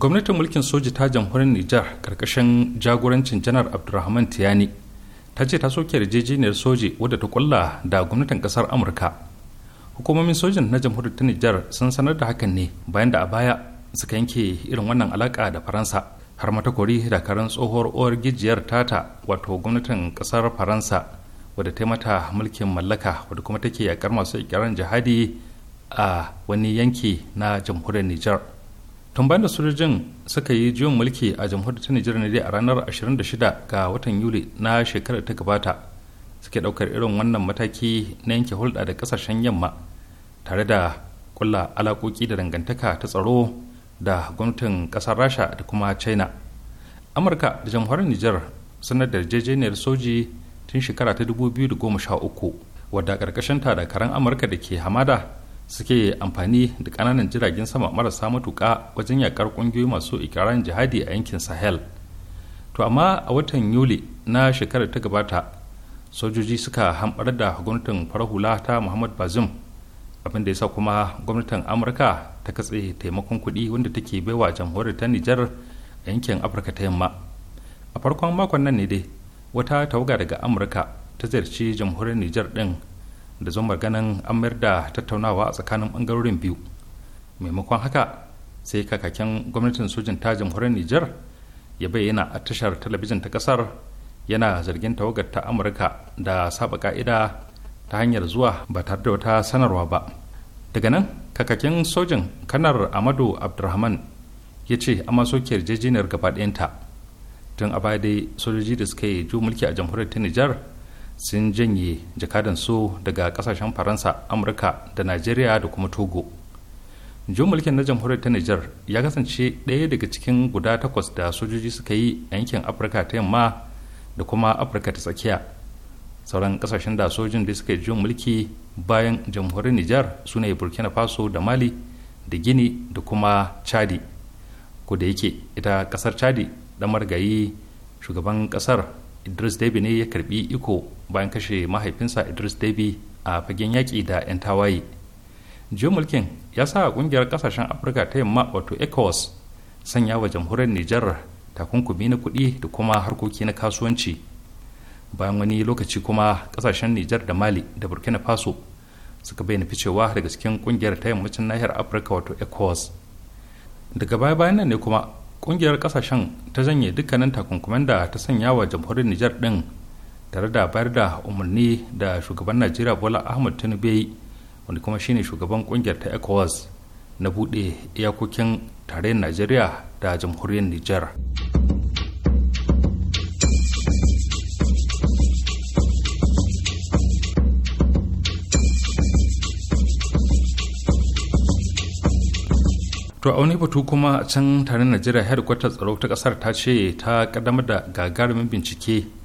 gwamnatin mulkin soji ta jamhuriyar nijar karkashin jagorancin janar abdulrahman tiyani ta ce ta soke yarjejeniyar soji wadda ta kulla da gwamnatin kasar amurka hukumomin sojin na jamhuriyar ta nijar sun sanar da hakan ne bayan da a baya suka yanke irin wannan alaka da faransa har kori da karan tsohuwar uwar gijiyar tata wato gwamnatin kasar faransa wadda ta mata mulkin mallaka wadda kuma take yakar masu ikirarin jihadi a wani yanki na jamhuriyar nijar tun da sojojin suka yi jiwon mulki a jamhuriyar ta nijar ne dai a ranar 26 ga watan yuli na shekarar ta gabata suke daukar irin wannan mataki na yanke hulɗa da kasashen yamma tare da kulla alaƙoƙi da dangantaka ta tsaro da gwamnatin ƙasar rasha da kuma china amurka da jamhuriyar nijar sanar da yarjejeniyar soji tun shekara ta 2013 wadda ƙarƙashin ta da karan amurka da ke hamada suke amfani da ƙananan jiragen sama marasa matuƙa wajen yakar ƙungiyoyi masu ikirarin jihadi a yankin sahel to amma a watan yuli na shekarar ta gabata sojoji suka hamɓar da gwamnatin farahula ta muhammad bazim abinda ya sa kuma gwamnatin amurka ta katse taimakon kuɗi wanda take baiwa jamhuriyar ta nijar a yankin afirka ta yamma a farkon makon nan ne dai wata tawaga daga amurka ta ziyarci jamhuriyar nijar ɗin da zumar ganin an mayar da tattaunawa a tsakanin bangarorin biyu maimakon haka sai kakakin gwamnatin sojin ta jamhuriyar nijar ya bayyana a tashar talabijin ta kasar yana zargin tawagar ta amurka da saba ka'ida ta hanyar zuwa ba tare da wata sanarwa ba daga nan kakakin sojin kanar amadu abdulrahman ya ce amma maso yarjejeniyar gabaɗayanta tun a baya dai sojoji da suka yi ju mulki a jamhuriyar ta nijar sun janye jakadansu daga kasashen faransa amurka da nigeria da kuma togo jin mulkin na jamhuriyar ta niger ya kasance ɗaya daga cikin guda takwas da sojoji suka yi a yankin afirka ta yamma da kuma afirka ta tsakiya sauran kasashen da sojin da suka jin mulki bayan jamhuriyar niger su ne burkina faso da mali da gini da kuma chadi ko da yake ita kasar chadi da margayi shugaban kasar idris debi ne ya karbi iko bayan kashe mahaifinsa idris debi a fagen yaƙi da 'yan tawaye jiyo mulkin ya sa ƙungiyar ƙasashen afirka ta yamma wato ecowas sanya wa jamhuriyar nijar takunkumi na kuɗi da kuma harkoki na kasuwanci bayan wani lokaci kuma ƙasashen nijar da mali da burkina faso suka bayyana ficewa daga cikin ƙungiyar ta yammacin nahiyar afirka wato ecowas daga baya bayan nan ne kuma ƙungiyar ƙasashen ta janye dukkanin takunkuman da ta sanya wa jamhuriyar nijar ɗin tare da bayar da umarni da shugaban najeriya bola ahmad tinubu wanda kuma shine shugaban kungiyar ta ecowas na buɗe iyakokin tarayyar najeriya da jamhuriyar niger to a wani batu kuma can tare najeriya headquarters tsaro ta kasar ta ce ta kaddamar da gagarumin bincike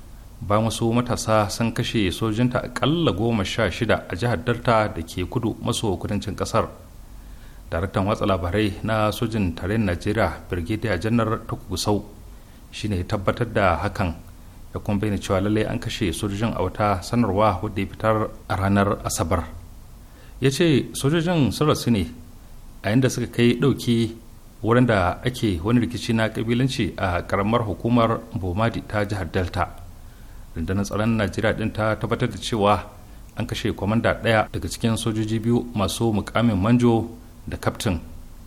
ba wasu matasa sun kashe sojinta akalla goma sha shida a jihar delta da ke kudu maso kudancin kasar daraktan watsa labarai na sojin tarayyar najeriya birgidiya janar shi shine tabbatar da hakan da kuma bayyana cewa lallai an kashe sojojin a wata sanarwa wadda ya fitar a ranar asabar ya ce sojojin sun rasu ne a yadda suka kai ɗauki wurin da ake wani rikici na kabilanci a karamar hukumar bomadi ta jihar delta rundunar tsaron najeriya din ta tabbatar da cewa an kashe kwamanda ɗaya daga cikin sojoji biyu masu mukamin manjo da kaftin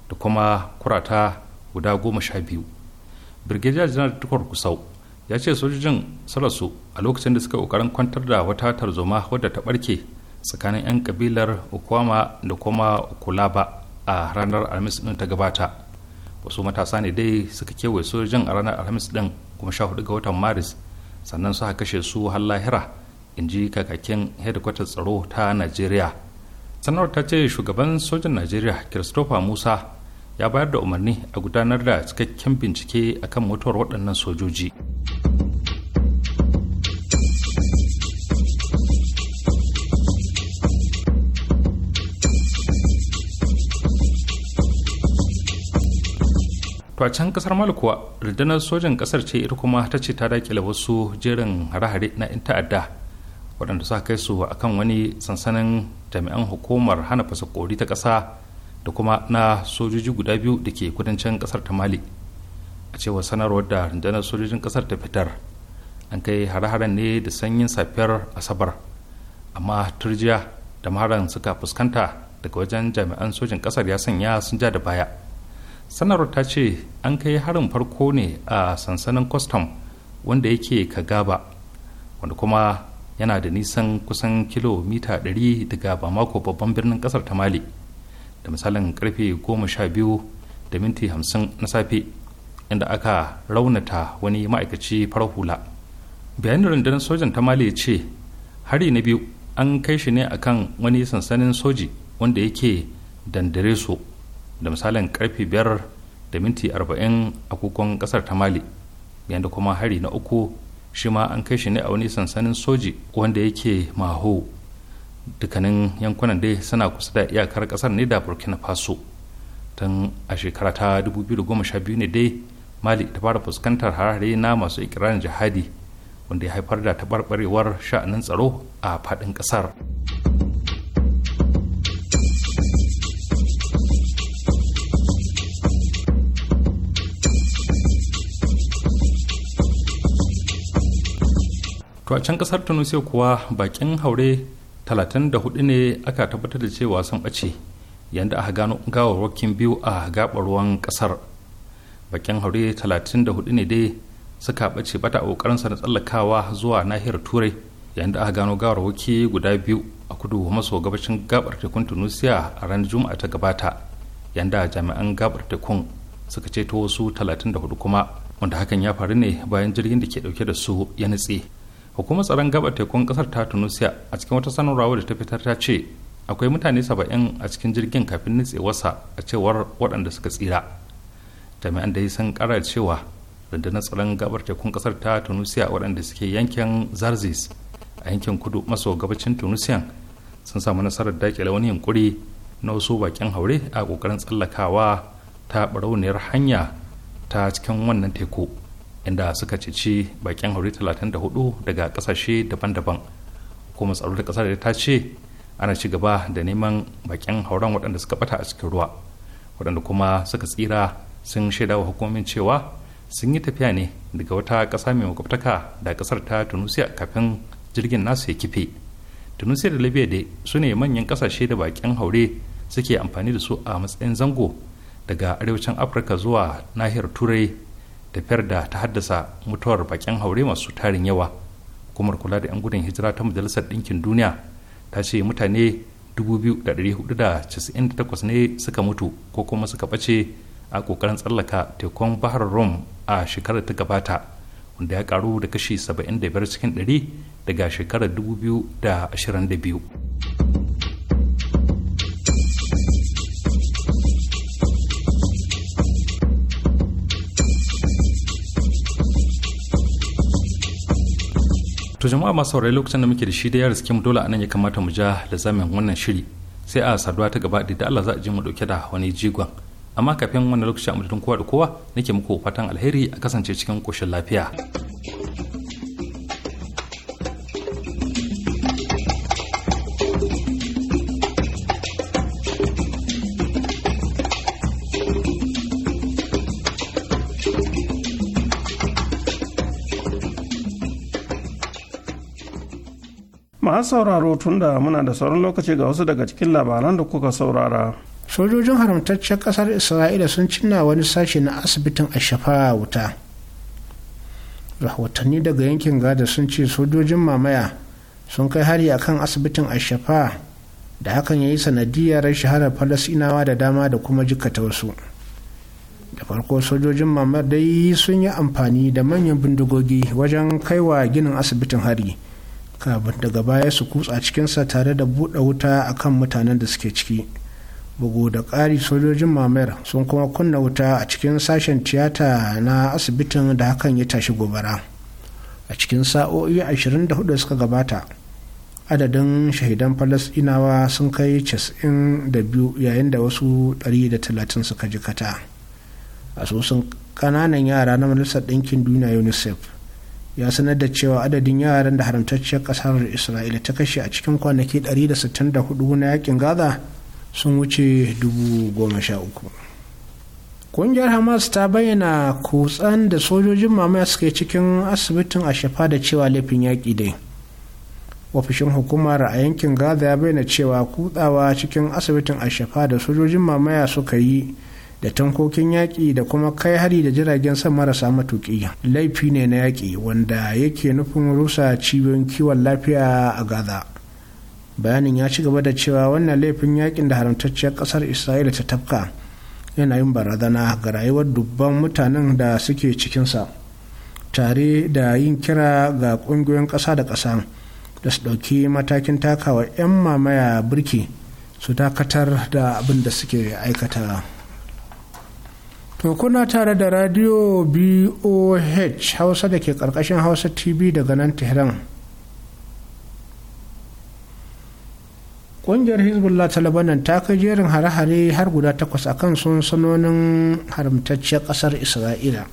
da kuma kurata guda goma sha biyu birgijiyar janar tukur kusau ya ce sojojin salasu a lokacin da suka kokarin kwantar da wata tarzoma wadda ta barke tsakanin 'yan kabilar okwama da kuma kulaba a ranar alhamis din ta gabata wasu matasa ne dai suka kewaye sojojin a ranar alhamis din kuma sha hudu ga watan maris sannan suka kashe su har lahira in ji kakakin headquarter tsaro ta najeriya sanarwar ta ce shugaban sojan najeriya christopher musa ya bayar da umarni a gudanar da cikakken bincike akan mutuwar waɗannan sojoji. to a can kasar mali kuwa rundunar sojan kasar ce ita kuma ta ce ta dakile wasu jerin hare-hare na 'yan ta'adda waɗanda suka kai su a kan wani sansanin jami'an hukumar hana fasakori ta ƙasa da kuma na sojoji guda biyu da ke kudancin ƙasar ta mali a cewar sanarwar da rundunar sojojin ƙasar ta fitar an kai hare ne da sanyin safiyar asabar amma turjiya da maharan suka fuskanta daga wajen jami'an sojin ƙasar ya sanya sun ja da baya sanarwar ta ce an kai harin farko ne a sansanin kwastam wanda yake ka kagaba wanda kuma yana da nisan kusan kilomita 100 daga bamako babban birnin kasar ta mali da misalin karfe 12 da minti 50 na safe inda aka raunata wani ma'aikaci farar hula bayanin rundunar sojan ta mali ce hari na biyu an kai shi ne akan wani sansanin soji wanda yake dandare su da misalin karfe 5 da minti 40 agogon kasar ta mali yadda kuma hari na uku shi ma an kai shi ne a wani sansanin soji wanda yake maho dukkanin yankunan dai suna kusa da iyakar kasar ne da burkina faso tun a shekara ta 2012 ne dai mali ta fara fuskantar harare na masu ikirarin jihadi wanda ya haifar da tabarbarewar sha'anin tsaro a faɗin ƙasar. to a can kasar tunisia kuwa bakin haure 34 ne aka tabbatar da cewa sun bace yadda aka gano gawarwakin biyu a gaɓar ruwan kasar bakin haure 34 ne dai suka ɓace bata ƙoƙarinsa na tsallakawa zuwa nahiyar turai yadda aka gano gawarwaki guda biyu a kudu maso gabashin gabar tekun tunisia a ranar juma'a ta gabata yanda jami'an gabar tekun suka ceto wasu 34 kuma wanda hakan ya faru ne bayan jirgin da ke ɗauke da su ya nutse hukumar tsaron gabar tekun kasar ta tunisia a cikin wata sanarwa da ta fitar ta ce akwai mutane saba'in a cikin jirgin kafin nutsewarsa a cewar waɗanda suka tsira jami'an da sun kara cewa rundunar tsaron gabar tekun kasar ta tunisia waɗanda suke yankin zarzis a yankin kudu maso gabacin tunisian sun samu nasarar dakile wani yunkuri na wasu bakin haure a kokarin tsallakawa ta barauniyar hanya ta cikin wannan teku inda suka ceci bakin hauri 34 daga kasashe daban-daban hukumar tsaro da kasar ta ce ana ci gaba da neman bakin hauren waɗanda suka bata a cikin ruwa waɗanda kuma suka tsira sun shaida wa hukumomin cewa sun yi tafiya ne daga wata ƙasa mai makwabtaka da ƙasar ta tunisia kafin jirgin nasu ya kife tunisia da libya dai su ne manyan ƙasashe da bakin haure suke amfani da su a matsayin zango daga arewacin afirka zuwa nahiyar turai da da ta haddasa mutuwar bakin haure masu tarin yawa hukumar kula da 'yan gudun hijira ta majalisar ɗinkin duniya ta ce mutane 2,498 ne suka mutu ko kuma suka bace a ƙoƙarin tsallaka tekun bahar rom a shekarar ta gabata wanda ya karu da kashi 75 cikin 100 daga shekarar 2022 to jama'a masu saurari lokacin da muke da shi da ya riske mu dole anan ya kamata mu ja da zamin wannan shiri sai a saduwa ta gaba da Allah za a ji mu dauke da wani jigon amma kafin wannan lokaci a mutum kowa da kowa nake muku fatan alheri a kasance cikin koshin lafiya. masu sauraro tun muna da sauran lokaci ga wasu daga cikin labaran da kuka saurara sojojin haramtaccen kasar isra'ila sun cinna wani sashe na asibitin ashafa wuta rahotanni daga yankin gada sun ce sojojin mamaya sun kai hari akan asibitin ashafa da hakan ya yi sanadiyar shaharar falasinawa da dama da kuma jikata wasu da farko sojojin mamaya dai sun yi amfani da manyan bindigogi wajen kaiwa ginin asibitin hari kafin daga baya su kutsa cikinsa tare da buɗe wuta a kan mutanen da suke ciki bugu da ƙari sojojin mamayar sun kuma kunna wuta a cikin sashen tiyata na asibitin da hakan ya tashi gobara a cikin sa'o'i 24 suka gabata adadin shahidan falasɗinawa sun kai 92 yayin da wasu 130 suka jikata asusun ƙananan yara na majalisar ɗinkin duniya unicef ya sanar da cewa adadin yaran da haramtacciyar kasar isra'ila ta kashe a cikin kwanaki 164 na yakin gaza sun wuce 13 kungiyar hamas ta bayyana kutsan da sojojin mamaya suke cikin asibitin a shafa da cewa laifin yaƙi dai ofishin hukumar a yankin gaza ya bayyana cewa kutsawa cikin asibitin a shafa da sojojin mamaya suka yi da tankokin yaƙi da kuma kai hari da jiragen sama marasa matuƙi laifi ne na yaƙi wanda yake nufin rusa cibiyoyin kiwon lafiya a gaza bayanin ya ci gaba da cewa wannan laifin yaƙin da haramtacciyar ƙasar isra'ila ta tafka yana yin barazana ga rayuwar dubban mutanen da suke cikinsa tare da yin kira ga ƙungiyoyin ƙasa da ƙasa da su ɗauki matakin takawa 'yan mamaya birki su dakatar da abin da suke aikata. To kuna tare da radio BOH Hausa da ke ƙarƙashin Hausa TV daga nan Tehran. Ƙungiyar Hezbollah ta Labanan ta kai jerin hare-hare har guda takwas a kan sansanonin haramtacciyar ƙasar Isra'ila.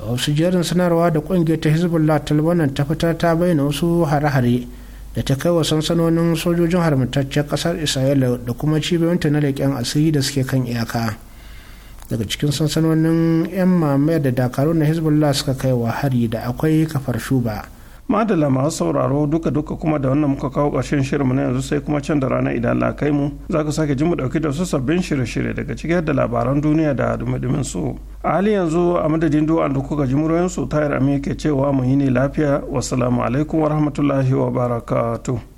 A wasu jerin sanarwa da ƙungiyar ta Hezbollah ta Labanan ta fita ta bayyana wasu hare-hare da ta kai wa sansanonin sojojin haramtacciyar ƙasar Isra'ila da kuma cibiyoyinta na leƙen asiri da suke kan iyaka. daga cikin sansanonin 'yan mamaya da dakaru na hezbollah suka kai wa hari da akwai kafar shuba madala masu sauraro duka-duka kuma da wannan muka kawo ƙarshen shirinmu na yanzu sai kuma can da rana idan la kai mu za ku sake ji mu ɗauki da su sabbin shirye-shirye daga cikin yadda labaran duniya da dumi su a halin yanzu a madadin duwa da kuka ji muryoyin su tayar ke cewa mu yi ne lafiya wassalamu alaikum warahmatullahi wabarakatuh